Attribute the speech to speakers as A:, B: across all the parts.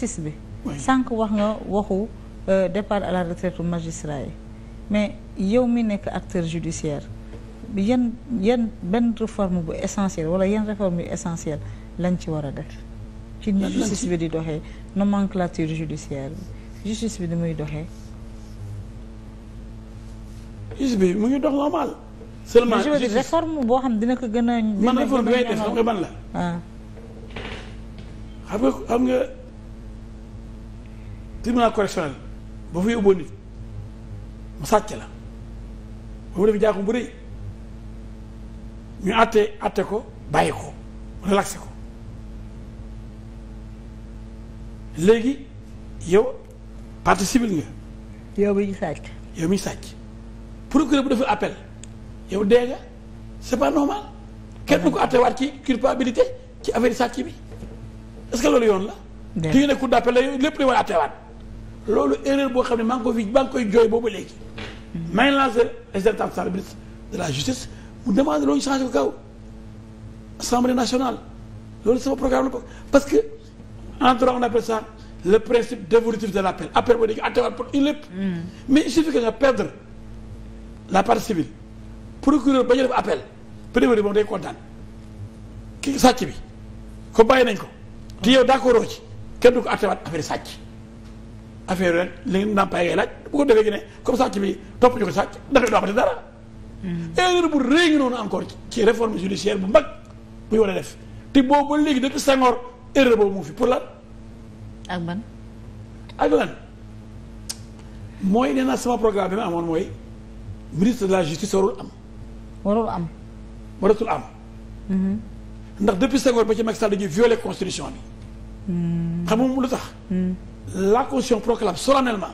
A: six bi sànq wax nga waxu euh, départ à la retraite magistrat yi mais yow mi nekk acteur judiciaire yan yan benn réforme bu essentielle wala yan réforme yu essentielle lañ ci war a def ci ni justice bi di doxee nomenclature judiciaire bi justice bi di muy doxee justice bi mu ngi dox normal seulement réforme boo xam ne dina ko gëna a man réforme bi ngay def nga ban xam nga tribunal correctionnel ba fa yóbboo nit mu sàcc la ba mu def jaaxum bu rëy ñu àtte àtte ko bàyyi ko relaxé ko léegi yow partie civile nga. yow mi ñu sàcc. yow mi ñu sàcc procureur bu def appel yow dee nga c'est pas normal. kenn du ko àttewaat ci culpabilité ci affaire sàcc bi est-ce que yoon la. dégg nga ne cour d'appel la lépp dañu war a àttewaat. loolu erreur boo xam ne maa ngi koy jooy boobu léegi. maa ngi lancé exertape Sall ministre de la justice mu demande loolu changé ko kaw assemblée nationale loolu sama programme la parce que en droit on appelle ça le principe dévolutif de l'appel appel boo déggee attewaat pour une mm. mais il suffit que nga la part civile procureur ba ñu def appel prévenu bi moom day kontaan kii sàcc bi ko bàyyi nañ ko. te yow d'accord ci kenn du ko attewaat affaire sàcc. affaire rek li ngeen ndàmpaay ngay laaj bu ko defee gi bi topp ñu ko sàcc dafay doxati dara. erreur bu rëy ngi noonu encore ci réforme judiciaire bu mag bu ñu war a boobu ba léegi depuis Senghor erreur boobu mu fi pour lan. ak ban. ak lan mooy nee naa sama programme bi ma amoon mooy ministre de la justice warul am. warul am. waratul am. Mhm. ndax depuis Senghor ba ci Macky Sall dañuy violer constitution bi. Hmm. xam nga lu tax. Hmm. la constitution proclame solennellement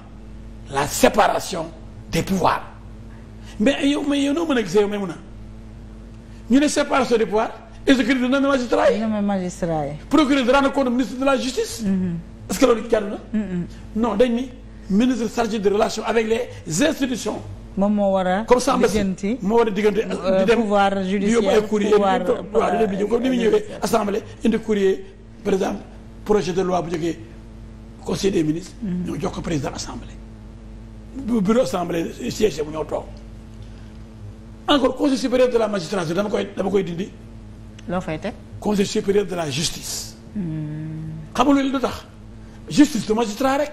A: la séparation des pouvoirs mais yow mais yow noo mën na gisee yow may mun a ñu ne séparation des pouvoirs exécutif dina nommé magistrat yi. nommé procureur de rendre compte ministre de la justice. Mm-hmm. est ce que loolu jaadu na. non dañ ni ministre chargé de relations avec les institutions. moom moo war a. comme ça diggante moo war a diggante euh, di judiciaire di yóbbu ay courrier euh, waaw di dem di ñëw comme ni mu ñëwee par exemple projet de loi bu jógee. conseil des ministres. Mm-hmm. ñoo jox ko président assemblée. bu bureau assemblée siège bu ñoo toog. encore conseil supérieur de la magistrature dama koy dama koy dindi. loo fay teg conseil supérieur de la justice. xam nga lu lu tax justice du magistrat rek.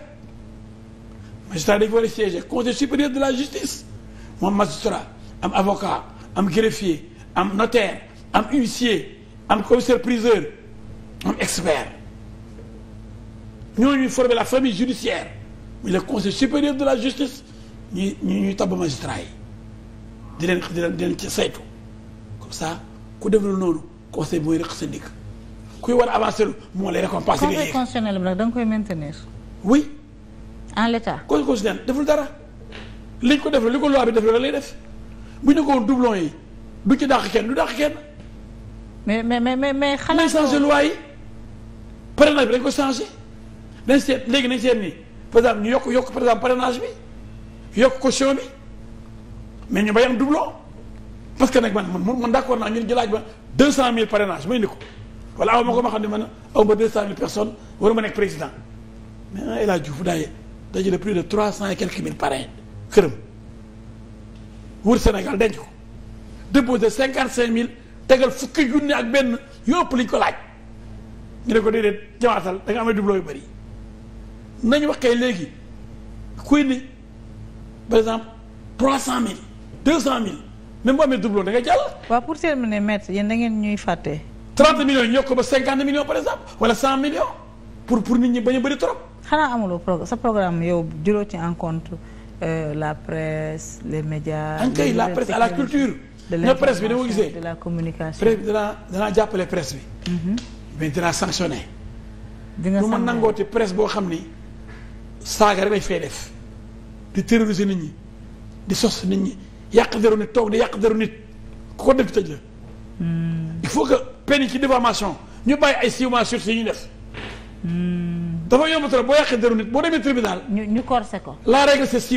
A: magistrat dañu war a siéger conseil supérieur de la justice moom magistrat am avocat am greffier am notaire am huissier am commissaire priseur am expert. ñooñuy former la famille judiciaire muy le conseil supérieur de la justice ñuy ñu ñuy tabb magistrat yi di leen di leen di leen ci saytu comme ça ku def lu noonu conseil mooy rek sa dikk kuy war a avancer lu moo lay récompenser. conseil constitutionnel bi nag nga koy maintenir. oui. en l'état. conseil deful dara liñ ko def li ko loi bi def la lay def bu ñu ko woon doublon yi du ci dàq kenn du dàq kenn. mais mais mais mais xanaa. nañ changé loi yi parrainage bi dañ ko changé. nañ seet léegi nañ seet nii par exemple ñu yokk yokk par exemple parrainage bi yokk caution bi mais ñu bay am doublon parce que nag man man man d' accord naa ñun jëlaaj ba deux cent mille parrainage ma indi ko wala aw ma ko ma xam ne man aw ma deux cent mille personnes waru ma nekk président mais ah, El Hadj Diouf daaye dajale plus de trois cent et quelques mille parrain këram wër Sénégal denc ko déposé cinquante cinq mille tegal fukki junni ak benn yu ëpp liñ ko laaj ñu ne ko déedéet jamaatal da nga amee doublon yu bëri nañ wax kay léegi kuy ni par exemple trois cent mille deux cent mille même bu amee doublon da ngay jàll. waaw pour terminer maître yéen da ngeen ñuy fàtte. trente millions ñu yokk ba cinquante millions par exemple wala cent millions pour pour nit ñi bañ a bëri trop. xanaa amuloo pro sa programme yow jëloo ci en contre euh, la presse les médias. en ah, kay la presse à la culture. de la presse bi da nga gisee la communication. presse bi danaa danaa jàppale presse bi. Mhm. mais dinaa sanctionné. dina sanctionné lu ma nangooti presse boo xam ni. saaga rek lañ fay def di terroriser nit ñi di sos nit ñi yàq deru nit toog di yàq deru nit ku ko def tëj la. Hmm. il faut que peine ci diffamation ñu bàyyi ay six mois sursis ñu def. Hmm. dafa yomb trop boo yàqee deru nit boo demee tribunal. ñu ñu corsé ko. la règle c'est six